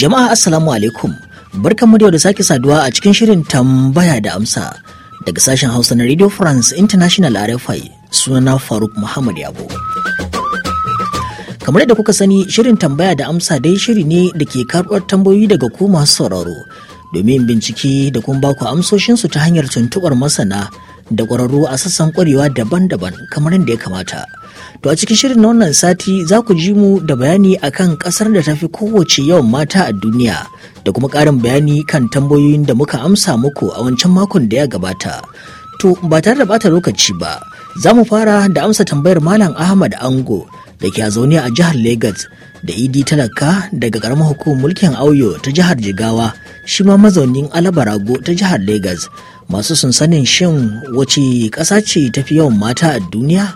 Jama'a Assalamu alaikum. barkan da da sake saduwa a cikin shirin tambaya da amsa daga sashen Hausa na Radio France International RFI sunana Faruk Muhammad Yabo. Kamar da kuka sani shirin tambaya da amsa dai shiri ne da ke karɓar tambayoyi daga kuma masu sauraro domin bincike da kuma baku amsoshinsu ta hanyar tuntuɓar masana da ƙwararru a sassan ƙwarewa daban-daban kamar yadda ya kamata. To a cikin shirin na wannan sati za ku ji mu da bayani akan ƙasar da ta fi kowace yawan mata a duniya da kuma ƙarin bayani kan tambayoyin da muka amsa muku a wancan makon da ya gabata. To ba tare da bata lokaci ba, za mu fara da amsa tambayar Malam Ahmad Ango da ke zaune a jihar Legas da idi talaka daga karamar hukumar mulkin auyo ta jihar jigawa shi ma mazaunin alabarago ta jihar Legas, masu sansanin shin wace ƙasa ce tafi yawan mata a duniya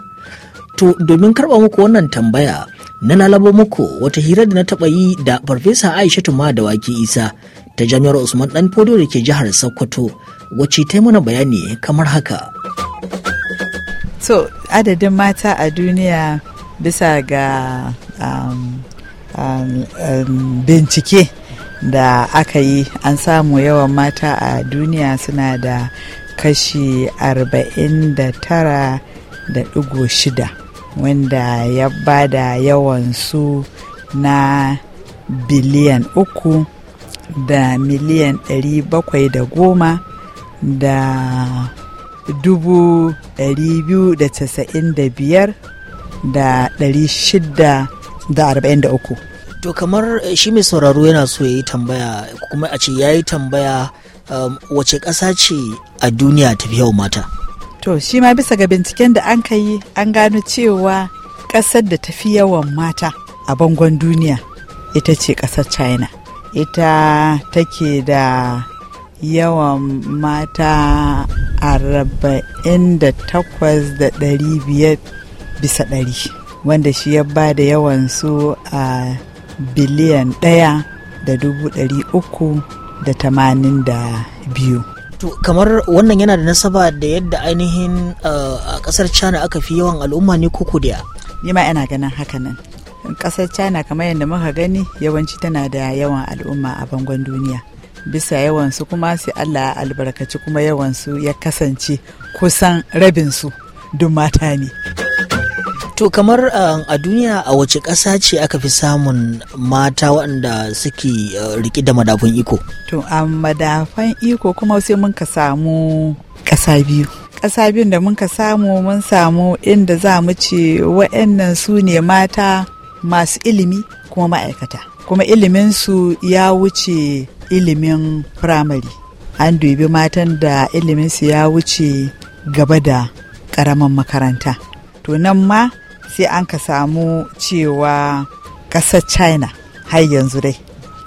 to domin karɓa muku wannan tambaya na lalabo muku wata hira da na taɓa yi da farfesa aisha tuma da waki isa ta jami'ar usman dan fodo da ke jihar sokoto wacce ta mana bayani kamar haka to adadin mata a duniya bisa ga um, bincike da aka yi an samu yawan mata a duniya suna da kashi 49.6 wanda ya bada yawan su na biliyan uku da miliyan 710 da 295 da da biyar shida. da 43 to kamar eh, shi mai sauraro yana so ya yi tambaya kuma a ce ya yi tambaya um, wace ƙasa ce a duniya ta fi mata to shi ma bisa ga binciken da an ka yi an gano cewa ƙasar da ta fi yawan mata a bangon duniya ita ce ƙasar china ita take da yawan mata arba'in da takwas da ɗari biyar bisa ɗari wanda shi ya ba da yawan su a biliyan ɗaya da dubu ɗari uku da tamanin da biyu. kamar wannan yana da nasaba da yadda ainihin a ƙasar China aka fi yawan al'umma ne koko da Ni ma yana ganin haka nan. Ƙasar China kamar yadda muka gani yawanci tana da yawan al'umma a bangon duniya. Bisa yawansu kuma sai Allah albarkaci kuma yawansu ya kasance kusan rabin su duk mata ne. to kamar um, a duniya a wace ƙasa ce aka fi samun mata waɗanda suke uh, riƙe da madafun iko to a um, madafan iko kuma sai mun ka samu ƙasa biyu ƙasa biyun da mun ka samu mun samu inda za mu ce wa'annan su ne mata masu ilimi kuma ma'aikata kuma iliminsu ya wuce ilimin firamare an dubi matan da iliminsu ya wuce gaba da ƙaramin makaranta to nan ma sai an ka samu cewa ƙasar china har yanzu dai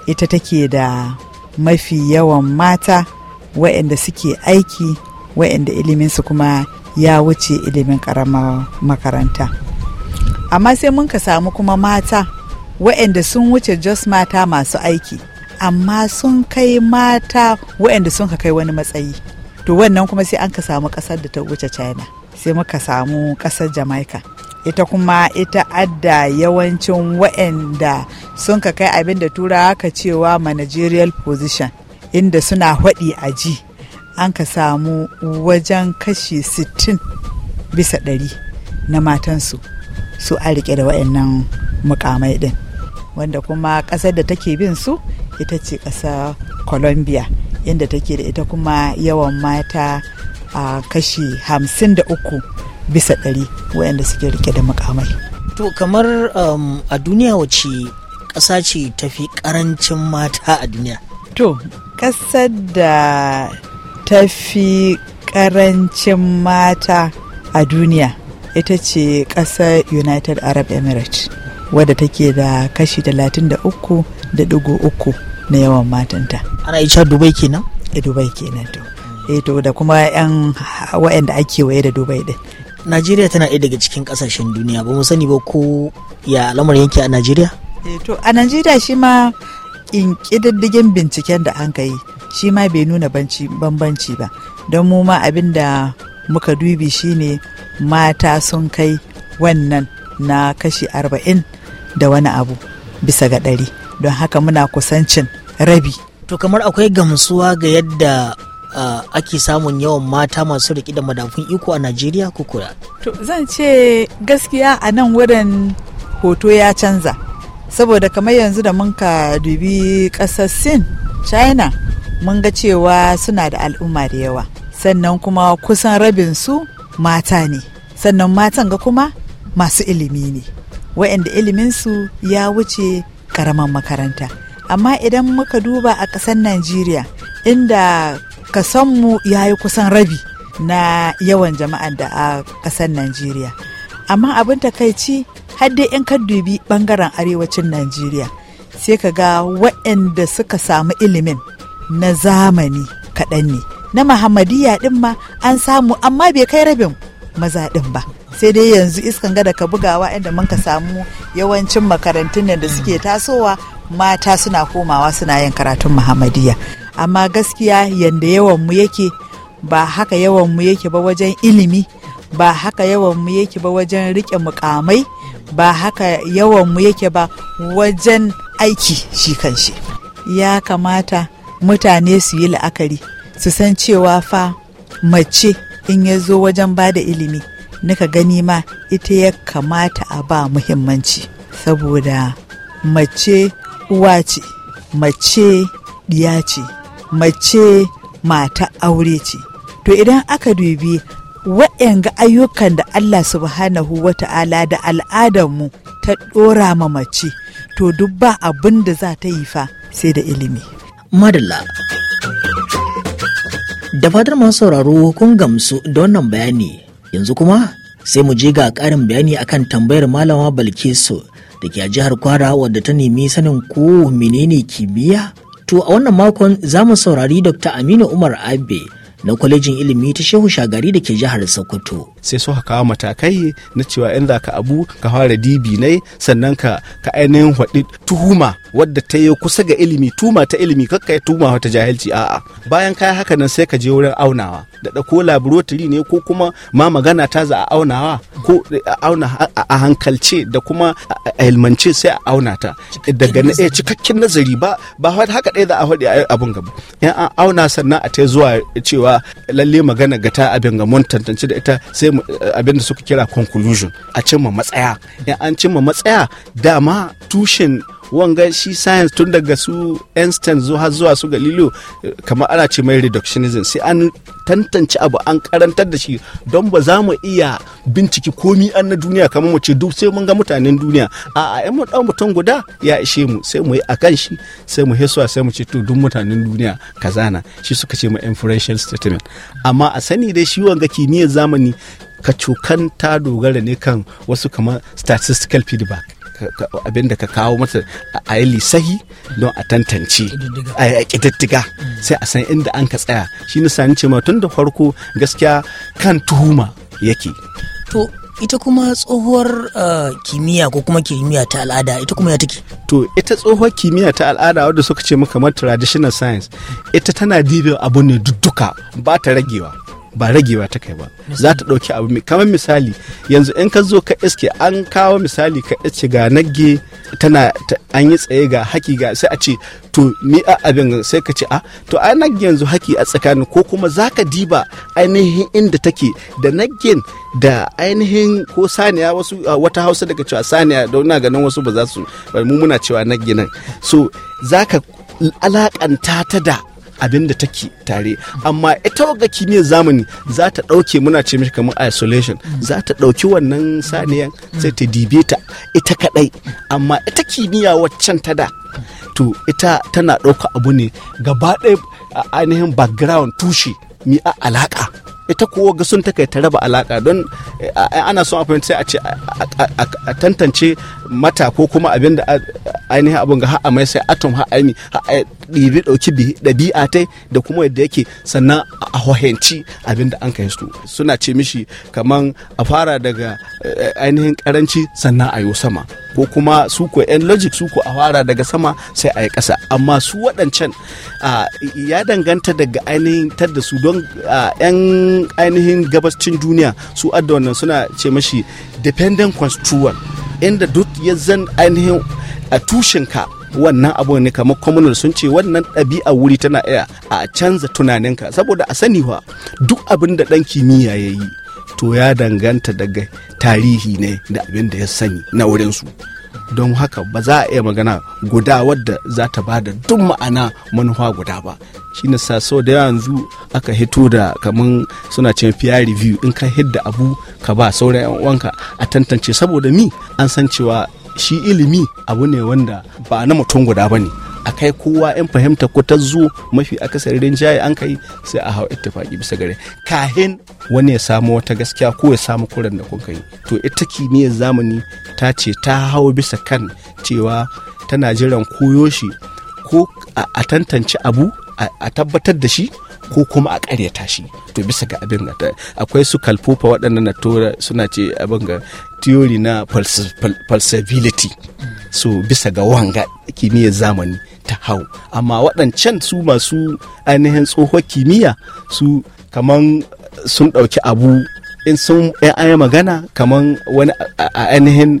ita take da mafi yawan mata waɗanda suke aiki waɗanda iliminsu kuma ya wuce ilimin ƙaramar makaranta amma sai mun ka samu kuma mata waɗanda sun wuce just mata masu aiki amma sun kai mata waɗanda sun ka kai wani matsayi to wannan kuma sai an ka samu ƙasar da ta wuce china sai muka samu ƙasar jamaica ita kuma ita adda yawancin waɗanda sun ka kai abin da tura ka cewa managerial position inda suna haɗi a ji an ka samu wajen kashi 60 bisa ɗari na matansu su a riƙe da waɗannan mukamai ɗin wanda kuma ƙasar da take bin su ita ce ƙasar colombia inda take da ita kuma yawan mata a kashi 53 bisa ɗari waɗanda suke rike da makamai to kamar um, a duniya wace ƙasa ce tafi ƙarancin mata a duniya to ƙasar da tafi ƙarancin mata a duniya ita ce ƙasar united arab emirates wadda take da kashi 33.3 na yawan matanta ana ita dubai kenan e dubai kenan to e to da kuma yan waɗanda ake waye da dubai ɗin. najeriya tana ɗaya daga cikin ƙasashen duniya ba mu sani ba ko ya alamar yake a najeriya eh, to a najeriya shi ma ƙididdigin binciken da an yi shi ma bai nuna bambanci ba don mu ma abin da muka dubi shi ne mata sun kai wannan na kashi arba'in da wani abu bisa ga ɗari don haka muna kusancin rabi to kamar akwai gamsuwa ga yadda ake samun yawan mata masu riƙe da madafun iko a najeriya kukura to zan ce gaskiya a nan wurin hoto ya canza saboda kamar yanzu da mun ka dubi ƙasar sin china mun ga cewa suna da al'umma da yawa sannan kuma kusan rabin su mata ne sannan matan ga kuma masu ilimi ne ilimin iliminsu ya wuce karaman makaranta amma idan muka duba a ƙasar najeriya inda kasonmu ya yi kusan rabi na yawan jama'an da a ƙasar najeriya amma abin takaici har dai 'yan dubi ɓangaren arewacin najeriya sai ka ga waɗanda suka samu ilimin na zamani kaɗan ne na muhammadiyya ɗin ma an samu amma bai kai rabin maza ɗin ba sai dai yanzu iskan gada ka bugawa inda mun ka samu yawancin makarantun da suke tasowa mata suna komawa suna yin karatun muhammadiyya amma gaskiya yanda yawan mu yake ba haka yawan yake ba wajen ilimi ba haka yawan yake ba wajen rike mukamai ba haka yawan mu yake ba wajen aiki shi kanshi ya kamata mutane su yi la'akari su san cewa fa mace in ya zo wajen ba da ilimi nika gani ma ita ya kamata a ba muhimmanci saboda mace uwa ce mace diya ce mace mata aure ce to idan aka dubi waɗanga ayyukan da Allah subhanahu wa ta'ala da al'adarmu ta ɗora ma mace to duk ba abin da za ta yi fa sai da ilimi. Madalla. Da fatar masu sauraro kun gamsu da wannan bayani yanzu kuma sai mu je ga ƙarin bayani akan tambayar malama Balkisu da ke a jihar Kwara wadda ta nemi sanin ko menene kimiyya To a wannan makon za mu saurari Dr. Aminu Umar Abe na kwalejin ilimi ta shehu shagari da ke jihar sokoto sai su kawo matakai na cewa in za ka abu ka fara dibi ne sannan ka ka ainihin hwaɗi tuhuma wadda ta yi kusa ga ilimi tuma ta ilimi kakka ya tuma wata jahilci a'a bayan kaya haka nan sai ka je wurin aunawa da ɗauko laboratory ne ko kuma ma magana ta za a aunawa ko a auna a hankalce da kuma a ilmance sai a auna ta daga na eh, cikakken nazari ba ba haka ɗaya za a faɗi abun gaba in an auna sannan a ta zuwa cewa cewa lalle magana ga ta abin ga mun tantance da ita sai abin da suka kira conclusion a cimma matsaya in an cimma matsaya dama tushen wanga shi science tun daga su einstein zuwa zuwa su galileo kamar ana ce mai reductionism sai an tantance abu an karantar da shi don ba za mu iya binciki komi an na duniya kamar mu ce duk sai mun ga mutanen duniya a a yan mutan mutum guda ya ishe mu sai mu yi akan shi sai mu hesuwa sai mu ce to duk mutanen duniya kazana shi suka ce mu inferential statement amma a sani dai shi wanga kimiyyar zamani ka ta dogara ne kan wasu kamar statistical feedback abin da ka kawo masa a yi lisahi don a tantance a ƙididdiga sai a san inda an ka tsaya shi na sani cewa tun da farko gaskiya kan tuhuma yake to ita kuma tsohuwar uh, kimiyya ko kuma kimiyya ta al'ada ita kuma ya take to ita tsohuwar kimiyya ta al'ada wadda suka ce maka kamar traditional science ita tana dibin abu ne dudduka ba ta ragewa ba ragewa ta kai ba za ta ɗauki abu kamar misali yanzu in ka zo ka iske an kawo misali ka iske ga nagge tana an yi tsaye ga haki ga sai a ce to ni a abin sai ka ce a to a nagge yanzu haki a tsakanin ko kuma za ka diba ainihin inda take da naggen da ainihin ko saniya wasu wata hausa daga cewa saniya da na ganin wasu ba za su mu muna cewa nagge nan so za ka alakanta ta da abin da take tare amma ita ga kimiyyar zamani za ta ɗauke muna ce mishi kamar isolation za ta ɗauki wannan saniyan sai ta dibe ta ita kaɗai amma ita kimiyya waccan ta da to ita tana ɗauka abu ne gaba ɗaya ainihin background tushe mi a alaƙa ita kowa ga sun ta kai ta raba alaƙa don eh, ana son a ce a tantance mata ko kuma abin da ainihin abin ga ha'a mai sai atom ha'a mi ha'a ɗibi ɗauki ɗabi'a tai da kuma yadda yake sannan a hohenci abin da an kai su suna ce mishi kamar a fara daga eh, ainihin karanci sannan a yi sama ko kuma su ko yan logic su ko a fara daga sama sai a yi ƙasa amma su waɗancan ya danganta daga ainihin tadda su don yan ainihin gabascin duniya su adda suna ce mashi dependent construal inda duk ya zan ainihin a tushenka wannan abu ne kamar communal sun ce wannan ɗabi'a wuri tana iya a canza tunaninka saboda a sani wa duk abin da ɗan kimiyya ya yi to ya danganta daga tarihi ne da abin da ya sani na wurinsu don haka ba za a iya magana guda wadda za ta ba da duk ma'ana manufa guda ba shi na so da yanzu aka hito da kaman suna cin peer review in ka hidda abu ka ba sauran yan uwanka a tantance saboda mi an san cewa shi ilimi abu ne wanda ba na mutum guda ba ne a kai kowa yan fahimta ko ta zo mafi akasari jaye an kai sai a hau ittifaki bisa gare kahin wani ya samu wata gaskiya ko ya samu kuran da kun kai to ita kimiyyar zamani ta ce ta hau bisa kan cewa tana jiran koyo shi ko a tantance abu a tabbatar da shi ko kuma a karyata shi to bisa ga abin da akwai su kalfofa waɗannan na tura suna ce abin ga theory na falsibility so bisa ga wanga kimiyyar zamani ta hau amma waɗancan su masu ainihin tsohon kimiyya su kaman sun ɗauki abu in sun aya magana kaman wani ainihin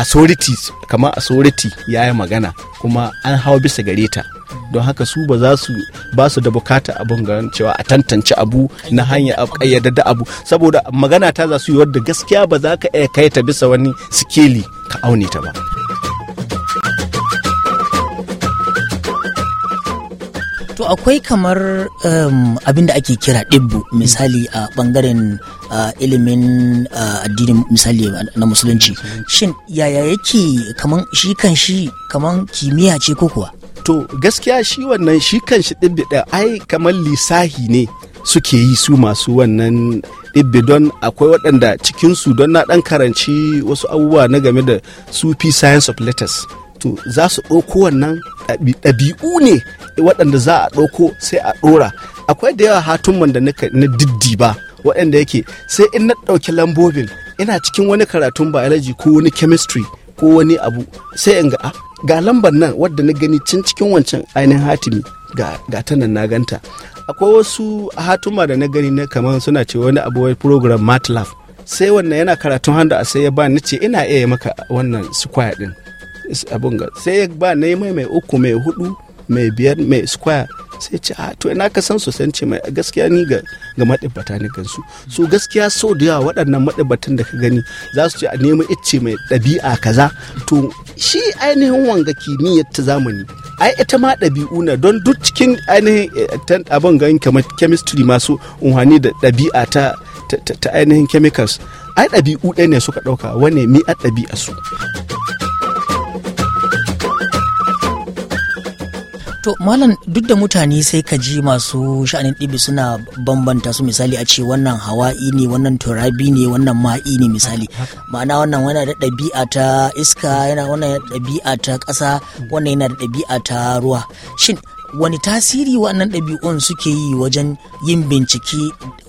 authorities kaman authority ya yi magana kuma an hau bisa gare ta don haka su ba za su ba su da bukata abun ganin cewa a tantance abu na hanya a kayyada da abu saboda magana ta za su yi wadda gaskiya ba za ka iya kai ta bisa wani sikeli ka aune ta ba to akwai kamar um, abin da ake kira ɗibbu misali a uh, ɓangaren uh, ilimin uh, addinin misali na musulunci shin yaya yake kaman shi kan shi kaman kimiyya ce ko kuwa to gaskiya shi wannan shi kan shi ɗibbiɗa ai kamar lisahi ne suke yi su masu wannan ɗibbi don akwai waɗanda cikinsu don na ɗan karanci wasu abubuwa na game da sufi science of letters to za su ɗauko wannan ɗabi'u ne waɗanda za a ɗauko sai a ɗora akwai da yawa hatumman da na diddi ba waɗanda yake sai in na ɗauki lambobin ina cikin wani karatun biology ko wani chemistry ko wani abu sai in ga ah, ga lambar nan wadda na gani cin cikin wancan ainihin hatimi ga, ta nan na ganta akwai wasu hatuma da na gani na kamar suna ce wani abu wai program matlab sai wannan yana karatun hannu a sai ya ba ni ce ina iya maka wannan square din abun sai ya ba na yi mai mai uku mai hudu mai biyar mai square sai ce a ah, to ina ka san su san ce mai gaskiya ni ga ga madibata ne kansu so gaskiya so da yawa waɗannan madibatan da ka gani za su ce a nemi icce mai ɗabi'a kaza to shi ainihin wanga kimiyyar ta zamani ai ita ma ɗabi'u na don duk cikin ainihin eh, abin gan kamar chemistry masu unhani da ɗabi'a ta ta ainihin chemicals ai ɗabi'u ɗaya ne suka ɗauka wane mi a ɗabi'a su To malam duk da mutane sai ka ji masu sha'anin ɗibi suna bambanta su misali a ce wannan hawa'i ne wannan turabi ne wannan ma'i ne misali ma'ana wannan wani da ɗabi'a ta iska yana wannan ɗabi'a ta ƙasa wannan yana da ɗabi'a ta ruwa shin wani tasiri wannan ɗabi'un suke yi wajen yin bincike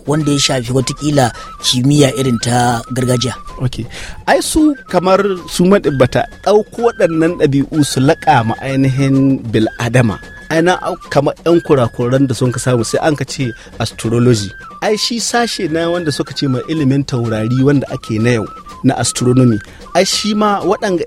wanda ya shafi watakila kimiyya irin ta gargajiya. ok ai su kamar su maɗibbata ɗauko waɗannan ɗabi'u su laƙa ma ainihin bil'adama aina kamar 'yan kurakuran da sun ka samu sai an ka ce astrology ai shi sashe na wanda suka ce ma ilimin taurari wanda ake na yau na astronomy ai shi ma waɗanga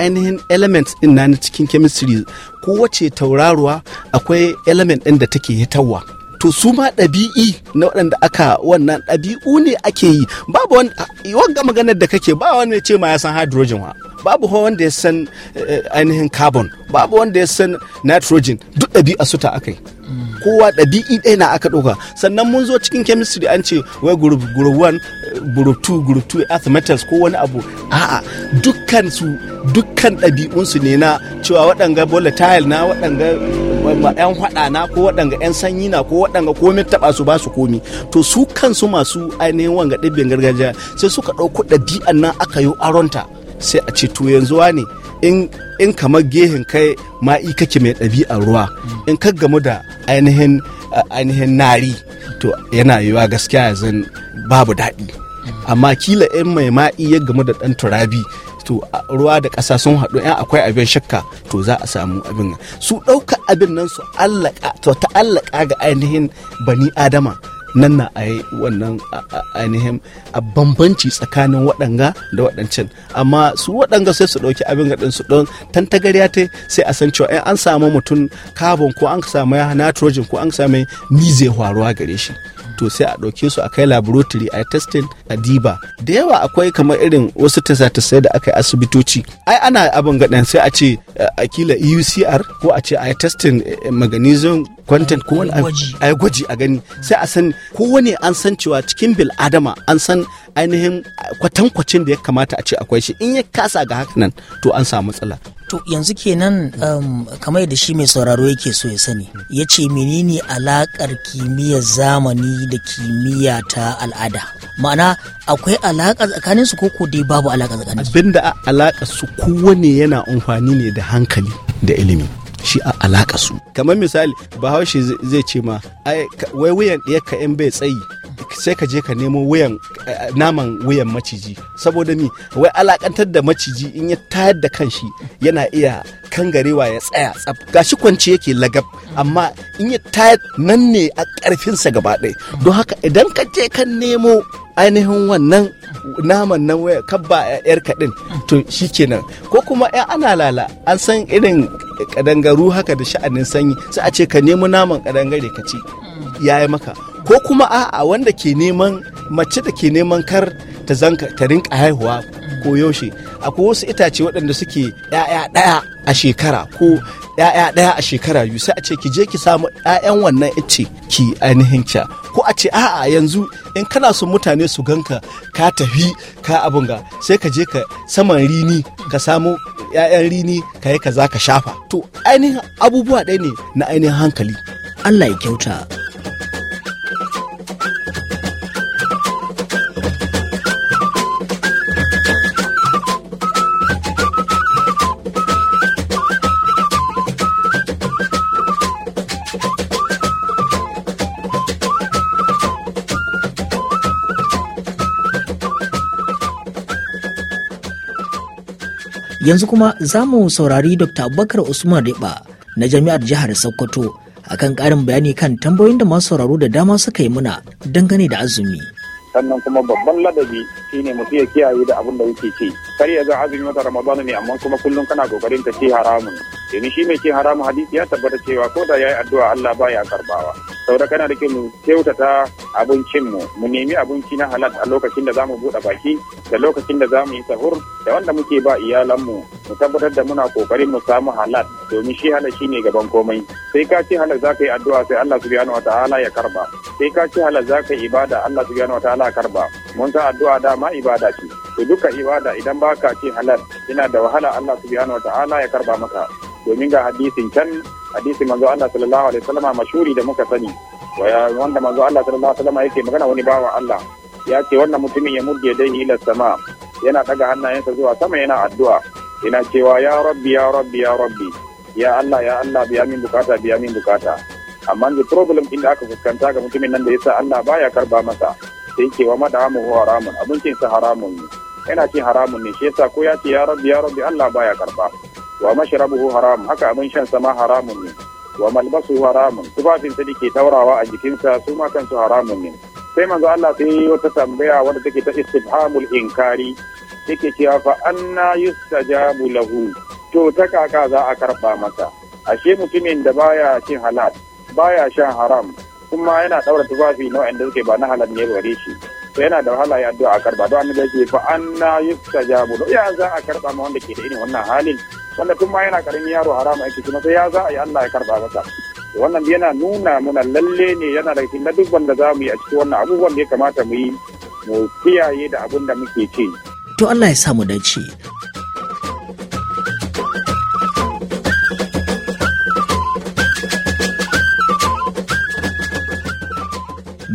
ainihin element ɗin na cikin chemistry kowace tauraruwa akwai element ɗin da take hitarwa to su ma ɗabi'i na waɗanda aka wannan ɗabi'u ne ake yi babu wani wanga maganar da kake ba wani ce ma ya san hydrogen wa babu wanda ya san eh, ainihin carbon babu wanda ya san nitrogen duk ɗabi'a su ta yi kowa ɗabi'i ɗaya na aka ɗauka sannan mun zo cikin chemistry an ce wai group group 1 eh, group 2 group 2 earth metals ko wani abu a'a dukkan su dukkan su ne na cewa waɗanga volatile na waɗanga yan faɗa na ko waɗanga yan sanyi na ko waɗanga komai taɓa su ba su komi to su kansu masu ainihin wanga ɗibbin gargajiya sai suka ɗauko ɗabi'an nan aka yi aronta. sai a ce to yanzu ne in kamar gehen kai ma'i kake mai ɗabi'ar ruwa in ka gamu da ainihin ainihin nari to yana yiwa gaskiya yanzu babu daɗi amma kila in mai ma'i ya gamu da ɗan turabi to ruwa da ƙasa sun haɗu yan akwai abin shakka to za a samu abin su ɗauka abin nan su allaka to ta allaka ga ainihin bani adama nan na a wannan ainihin a bambanci tsakanin waɗanga da waɗancan amma su waɗanga sai su ɗauki abin gaɗin su ɗan tantagariya ta sai a san cewa in an samu mutum carbon ko an samu nitrogen ko an samu ni zai faruwa gare shi to sai a ɗauke su a kai laboratory a testing a diba da yawa akwai kamar irin wasu tasa-tasai da aka yi asibitoci ai ana abin gaɗan sai a ce eh, a kila eucr ko a ce a yi testing eh, magnesium content ko wani a yi gwaji a gani sai a san kowane an san cewa cikin bil adama an san ainihin eh, kwatankwacin da ya kamata a ce akwai shi in ya kasa ga haka nan to an samu matsala to yanzu kenan um, kamar da shi mai sauraro yake so ya sani ya ce menene alaƙar kimiyyar zamani da kimiyya ta al'ada ma'ana akwai alaƙa tsakanin su koko dai babu alaka tsakanin su abinda alaƙa su kowane yana amfani ne da hankali da ilimi shi a alaƙa su kamar misali bahaushe zai ce ma wai wuyan ɗaya ka yan bai tsayi sai ka je ka nemo wuyan eh, naman wuyan maciji saboda mi wai alakantar da maciji in ya tayar da shi yana iya kangarewa ya tsaya ga shi kwance yake lagab amma in ya tayar nan ne a karfinsa gaba ɗaya don haka idan ka je ka nemo ainihin wannan naman nan waya kabba yar kaɗin to shi kenan ko kuma yan ana lala an san irin kadangaru haka da sha'anin sanyi sai a ce ka nemo naman kadangare ka ci yayi maka ko kuma a'a wanda ke neman mace da ke neman kar ta zanka ta rinka haihuwa ko yaushe akwai wasu itace waɗanda suke ‘ya'ya ɗaya a shekara ko ‘ya'ya ɗaya a shekara yu sai a ce ki je ki samu ‘ya'yan wannan ice ki ainihin ca ko a ce a'a yanzu in kana son mutane su ganka ka tafi ka abin ga sai ka je ka saman rini ka samu ‘ya'yan rini ka yi kaza ka shafa to ainihin abubuwa ɗaya ne na ainihin hankali Allah ya kyauta. yanzu kuma za mu saurari dr abubakar usman riba na jami'ar jihar sokoto akan karin bayani kan tambayoyin da masu sauraro da dama suka yi muna dangane da azumi sannan kuma babban ladabi shine mutum ya kiyaye da abin da yake ce kar ya ga azumi wata ramadana ne amma kuma kullum kana kokarin ka ce haramun domin shi mai ce haramun hadisi ya tabbata cewa ko da ya yi addu'a Allah baya karbawa saboda kana da mu kyautata abincinmu mu nemi abinci na halal a lokacin da za mu buɗe baki da lokacin da za mu yi sahur da wanda muke ba iyalanmu mu tabbatar da muna kokarin mu samu halal domin shi halal shine gaban komai sai ka ci halal zaka yi addu'a sai Allah subhanahu wataala ya karba sai ka ci halal zaka yi ibada Allah subhanahu wataala ya karba mun ta addu'a dama ibada ce to duka ibada idan baka ci halal yana da wahala Allah subhanahu wataala ya karba maka domin ga hadisin can hadisi manzo Allah sallallahu alaihi wasallam mashuri da muka sani wanda manzo Allah sallallahu alaihi wasallam yake magana wani bawa Allah ya ce wannan mutumin ya murje dai ila sama yana daga hannayensa zuwa sama yana addu'a yana cewa ya rabbi ya rabbi ya rabbi ya Allah ya Allah biya min bukata biya min bukata amma the problem din da aka fuskanta ga mutumin nan da yasa Allah baya karba masa sai yake wa madamu haramun abincin sa haramun ne yana cin haramun ne shi yasa ko ya ce ya rabbi ya rabbi Allah baya karba wa mashrabuhu haram haka abin shan sama haramun ne wa malbasu haramun tufafinsa da ke taurawa a jikinsa su ma kansu haramun ne sai manzo Allah sai wata tambaya wanda take ta istibhamul inkari take cewa fa anna yustajabu lahu to ta kaka za a karba masa ashe mutumin da baya cin halal baya shan haram kuma yana daura tufafi na wanda suke ba na halal ne gare shi to yana da wahala ya addu'a karba don annabi ce fa anna yustajabu ya za a karba ma wanda ke da irin wannan halin wanda tun ma yana karamin yaro haramun ake kuma sai ya za a yi Allah ya karba masa wannan yana nuna muna lalle ne yana da na duk wanda za mu yi a cikin wannan abubuwan da ya kamata mu yi mu kiyaye da abin da muke ce to Allah ya sa mu dace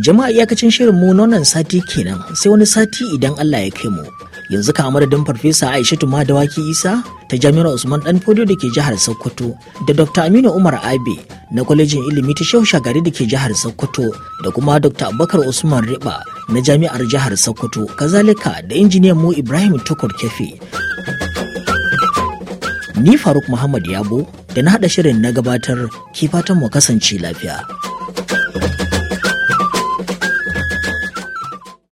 jama'a iyakacin shirin mu nonon sati kenan sai wani sati idan Allah ya kai mu yanzu ka don farfesa aisha tuma da waki Isa ta jami'ar usman dan fodo da ke jihar sokoto da dr aminu umar abe na kwalejin ilimi ta shehu shagari da ke jihar sokoto da kuma dr abubakar usman riba na jami'ar jihar sokoto kazalika da injiniyan mu ibrahim tukur kefe ni faruk muhammad yabo da na haɗa shirin na gabatar ki fatan mu kasance lafiya